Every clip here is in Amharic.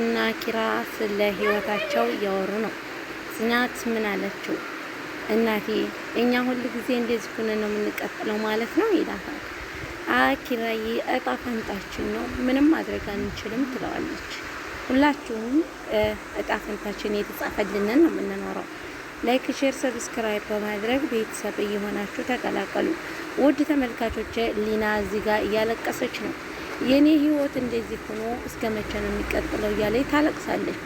እና ኪራ ስለ ህይወታቸው እያወሩ ነው። ጽናት ምን አለችው? እናቴ እኛ ሁል ጊዜ እንደዚህ ሆነን ነው የምንቀጥለው ማለት ነው ይላታል። አኪራዬ እጣ ፈንታችን ነው ምንም ማድረግ አንችልም ትለዋለች። ሁላችሁም እጣ ፈንታችን የተጻፈልንን ነው የምንኖረው። ላይክ፣ ሼር፣ ሰብስክራይብ በማድረግ ቤተሰብ እየሆናችሁ ተቀላቀሉ። ውድ ተመልካቾች ሊና እዚህ ጋር እያለቀሰች ነው። የኔ ህይወት እንደዚህ ሆኖ እስከ መቼ ነው የሚቀጥለው? እያለች ታለቅሳለች።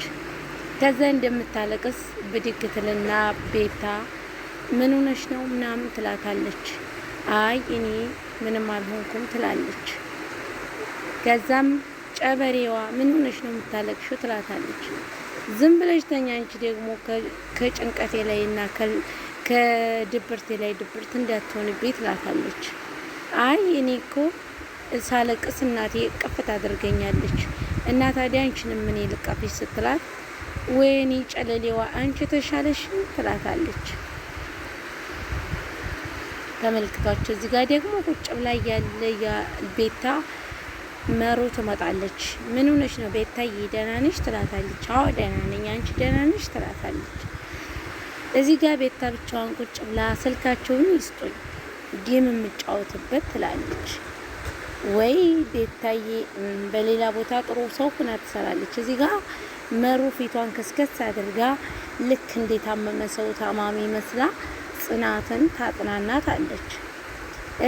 ከዛ እንደምታለቅስ ብድግ ትልና ቤታ ምን ሆነሽ ነው ምናምን ትላታለች። አይ እኔ ምንም አልሆንኩም ትላለች። ከዛም ጨበሬዋ ምን ሆነሽ ነው የምታለቅሽው? ትላታለች። ዝም ብለሽ ተኛ፣ አንቺ ደግሞ ከጭንቀቴ ላይ እና ከድብርቴ ላይ ድብርት እንዳትሆንብኝ ትላታለች። አይ እኔ እኮ ሳለቅስ እናቴ እቅፍት አድርገኛለች እና ታዲያ አንቺንም ምን ልቀፍሽ ስትላት ወይኔ ጨለሌዋ አንቺ ተሻለሽ ትላታለች። ተመልክቷቸው እዚህ ጋር ደግሞ ቁጭ ብላ ያለ ቤታ መሮ ትመጣለች። ምን ሆነሽ ነው ቤታዬ? ደህና ነሽ ትላታለች። አዎ ደህና ነኝ፣ አንቺ ደህና ነሽ ትላታለች። እዚህ ጋር ቤታ ብቻዋን ቁጭ ብላ ስልካቸውን ይስጡኝ ጌም የምጫወትበት ትላለች። ወይ ቤታዬ በሌላ ቦታ ጥሩ ሰው ሁና ትሰራለች። እዚህ ጋ መሩ ፊቷን ከስከስ አድርጋ ልክ እንደ ታመመ ሰው ታማሚ መስላ ጽናትን ታጥናናት አለች።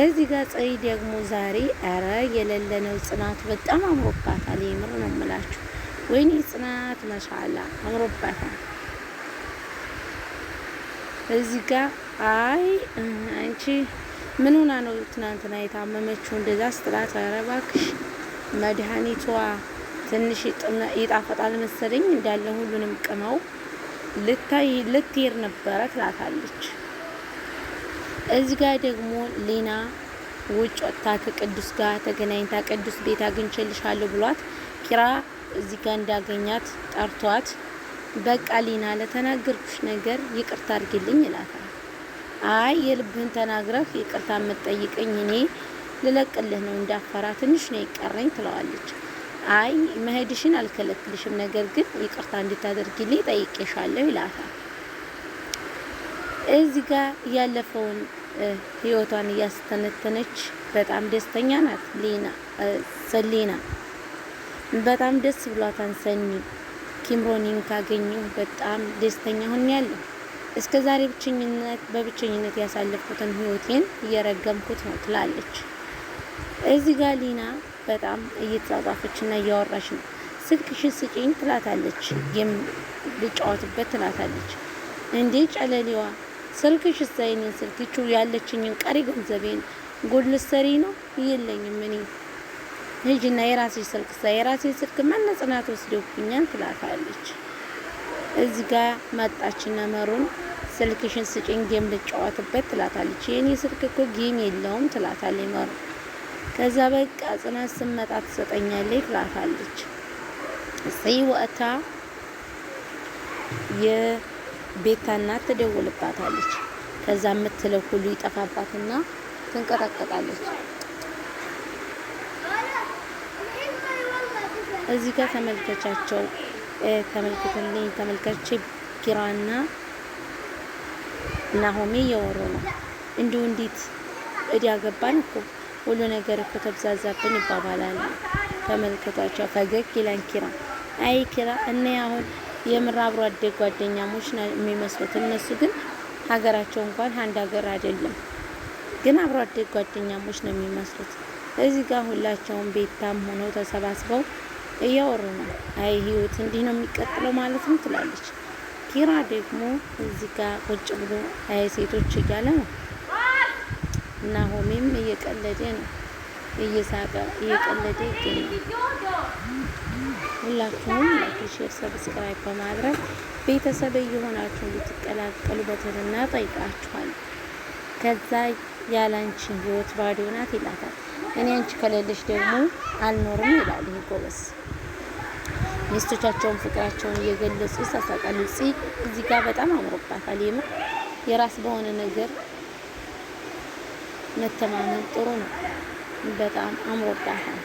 እዚህ ጋ ጸይ ደግሞ ዛሬ አረ የሌለ ነው ጽናት በጣም አምሮባታል። የምር ነው የምላችሁ። ወይኔ ጽናት መሻላ አምሮባታል። እዚህ ጋ አይ አንቺ ምን ሆና ነው ትናንትና የታመመችው እንደዛ ስጥላት፣ ኧረ እባክሽ መድኃኒቷ ትንሽ ይጣፈጣል መሰለኝ እንዳለ ሁሉንም ቅመው ልታይ ልትሄድ ነበረ ትላታለች። እዚህ ጋር ደግሞ ሌና ውጭ ወጥታ ከቅዱስ ጋር ተገናኝታ ቅዱስ ቤት አግኝቼልሻለሁ ብሏት ኪራ እዚህ ጋር እንዳገኛት ጠርቷት በቃ ሌና ለተናገርኩሽ ነገር ይቅርታ አርግልኝ ይላታል። አይ የልብህን ተናግረህ ይቅርታ የምትጠይቀኝ እኔ ልለቅልህ ነው እንዳፈራ ትንሽ ነው ይቀረኝ ትለዋለች። አይ መሄድሽን አልከለክልሽም፣ ነገር ግን ይቅርታ እንድታደርግልኝ ጠይቄሻለሁ ይላታል። እዚህ ጋር ያለፈውን ህይወቷን እያስተነተነች በጣም ደስተኛ ናት ሊና ሰሊና በጣም ደስ ብሏታን ሰኒ ኪምሮኒን ካገኘሁ በጣም ደስተኛ ሆኛለሁ። እስከ ዛሬ ብቸኝነት በብቸኝነት ያሳለፍኩትን ህይወቴን እየረገምኩት ነው ትላለች። እዚህ ጋር ሊና በጣም እየተጻጻፈች እና እያወራች ነው። ስልክሽን ስጪኝ ትላታለች። ልጫወትበት ትላታለች። እንዴ ጨለሌዋ ስልክሽ ሳይኔን ስልክቹ ያለችኝን ቀሪ ገንዘቤን ጉድ ነው? የለኝም እኔ ልጅና የራሴ ስልክ ሳ የራሴ ስልክ መነጽናት ወስደውብኛል ትላታለች። እዚህ ጋ መጣችና መሩን ስልክሽን ስጭኝ ጌም ልጫወትበት ትላታለች። የኔ ስልክ እኮ ጌም የለውም ትላታለች መሩ። ከዛ በቃ ጽናት ስመጣ ትሰጠኛለች ትላታለች። እሰይ ወእታ የቤታ እናት ትደውልባታለች። ከዛ የምትለው ሁሉ ይጠፋባትና ትንቀጠቀጣለች። እዚህ ጋር ተመልከቻቸው ተመልክትልኝ ተመልከች። ኪራና ናሆሜ እያወሩ ነው። እንዲሁ እንዴት እዳ ገባን እኮ ሁሉ ነገር እኮ ተብዛዛብን ይባባላል። ተመልከቷቸው ፈገግ ይላል ኪራ። አይ ኪራ እኔ አሁን የምር አብሮ አደግ ጓደኛሞች የሚመስሉት እነሱ ግን ሀገራቸው እንኳን አንድ ሀገር አይደለም፣ ግን አብሮ አደግ ጓደኛሞች ነው የሚመስሉት። እዚህ ጋር ሁላቸውም ቤታም ሆነው ተሰባስበው እያወሩ ነው። አይ ህይወት እንዲህ ነው የሚቀጥለው ማለት ነው ትላለች። ኪራ ደግሞ እዚህ ጋር ቁጭ ብሎ አይ ሴቶች እያለ ነው። እና ሆሜም እየቀለደ ነው እየሳቀ እየቀለደ ይገኛል። ሁላችሁም ላይክ፣ ሼር፣ ሰብስክራይብ በማድረግ ቤተሰብ እየሆናችሁ እንድትቀላቀሉ በትህትና ጠይቃችኋል። ከዛ ያላንቺ ህይወት ባዶ ናት ይላታል። እኔ አንቺ ከሌለሽ ደግሞ አልኖርም ይላል ይሄ ጎበዝ። ሚስቶቻቸውን ፍቅራቸውን እየገለጹ ይሳሳቃሉ። ጽ እዚህ ጋር በጣም አምሮባታል። የምር የራስ በሆነ ነገር መተማመን ጥሩ ነው። በጣም አምሮባታል።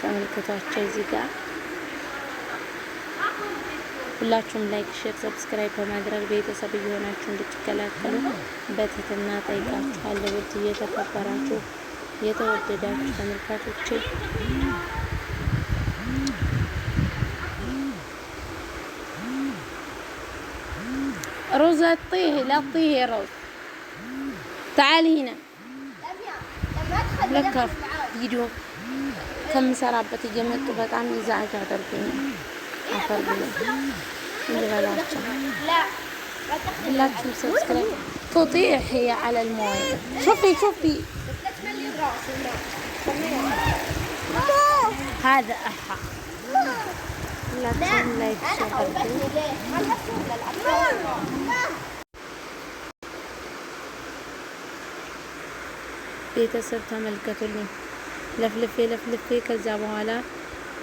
ተመልክቷቸው እዚህ ጋር ሁላችሁም ላይክ፣ ሼር፣ ሰብስክራይብ በማድረግ ቤተሰብ እየሆናችሁ እንድትከላከሉ በትህትና ጠይቃችኋለሁ። ውድ እየተከበራችሁ የተወደዳችሁ ተመልካቾቼ ሮዛ ጢህ ላጢህ ሮዝ ተዓሊ ሂና ለካ ቪዲዮ ከምሰራበት እየመጡ በጣም ይዛ አደርገኛል። حفر لا لا سبسكرايب تطيح هي على المويه شوفي شوفي هذا احا لا تسوي لا شير بيتا صرت لا كتلني لفلفي لفلفي لا على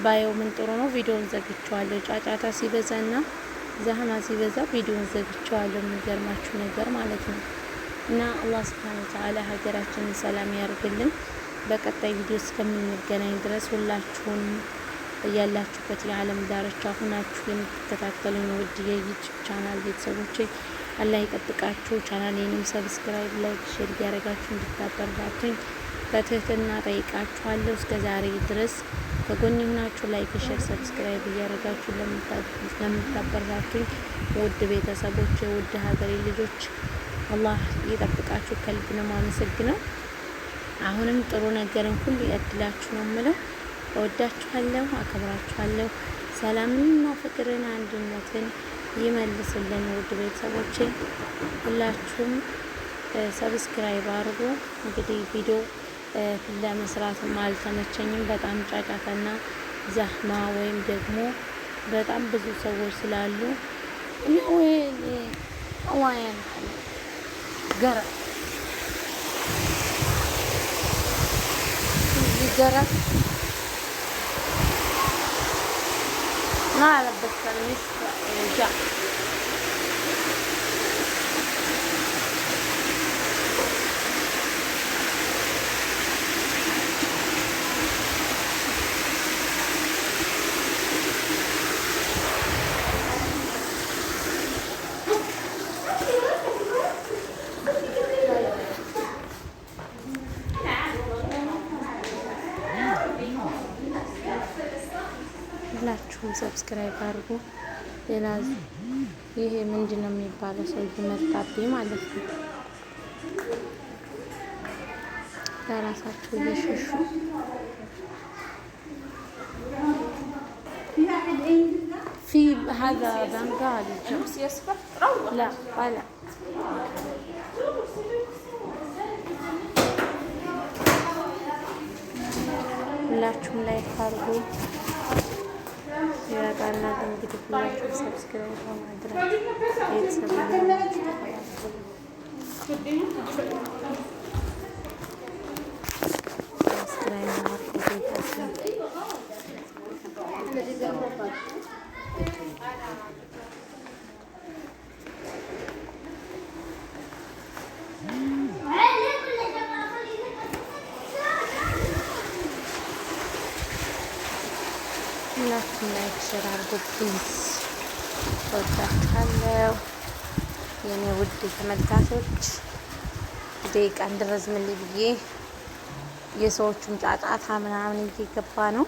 ባየው ምን ጥሩ ነው። ቪዲዮን ዘግቼዋለሁ። ጫጫታ ሲበዛና ዘህና ሲበዛ ቪዲዮን ዘግቼዋለሁ። የሚገርማችሁ ነገር ማለት ነው። እና አላህ ስብሐነ ወተዓላ ሀገራችንን ሰላም ያርግልን። በቀጣይ ቪዲዮ እስከምንገናኝ ድረስ ሁላችሁን ያላችሁበት የዓለም ዳርቻ ሁናችሁ የምትከታተሉኝ ውድ የዩቲዩብ ቻናል ቤተሰቦቼ አላህ ይጠብቃችሁ። ቻናሌንም ሰብስክራይብ፣ ላይክ፣ ሼር እያደረጋችሁ እንድታበረታቱኝ በትህትና ጠይቃችኋለሁ። እስከ ዛሬ ድረስ ከጎን የሆናችሁ ላይክ፣ ሼር፣ ሰብስክራይብ እያደረጋችሁ ለምታበረታቱኝ ውድ ቤተሰቦች፣ ውድ ሀገሬ ልጆች አላህ ይጠብቃችሁ። ከልብ ነው የማመሰግነው። አሁንም ጥሩ ነገርን ሁሉ ያድላችሁ ነው የምለው። እወዳችኋለሁ፣ አከብራችኋለሁ። ሰላምንና ፍቅርን አንድነትን ይመልስልን። ውድ ቤተሰቦቼ ሁላችሁም ሰብስክራይብ አድርጉ። እንግዲህ ቪዲዮ ለመስራትም አልተመቸኝም። በጣም ጫጫታና ዛህማ ወይም ደግሞ በጣም ብዙ ሰዎች ስላሉ እና ገራ ገራ ما لبست المسك ጃ ሰብስክራይብ አድርጉ። ሌላ ይሄ ምንድን ነው የሚባለው? ሰው መጣብኝ ማለት ነው። ለራሳችሁ እየሸሹ في هذا بنغالي جوز لا لا ሁላችሁም ላይ ካርጎ Kaya paano natin kitip like, subscribe, mga drag. Hit sa video. Subscribe mga kapatid. ሁላችሁ ላይክ ሸር አድርጎ ፕሊዝ። ወዳችኋለሁ የእኔ ውድ ተመልካቾች። ደቂቃ እንድረዝምልኝ ብዬ የሰዎቹን ጫጫታ ምናምን እየገባ ነው።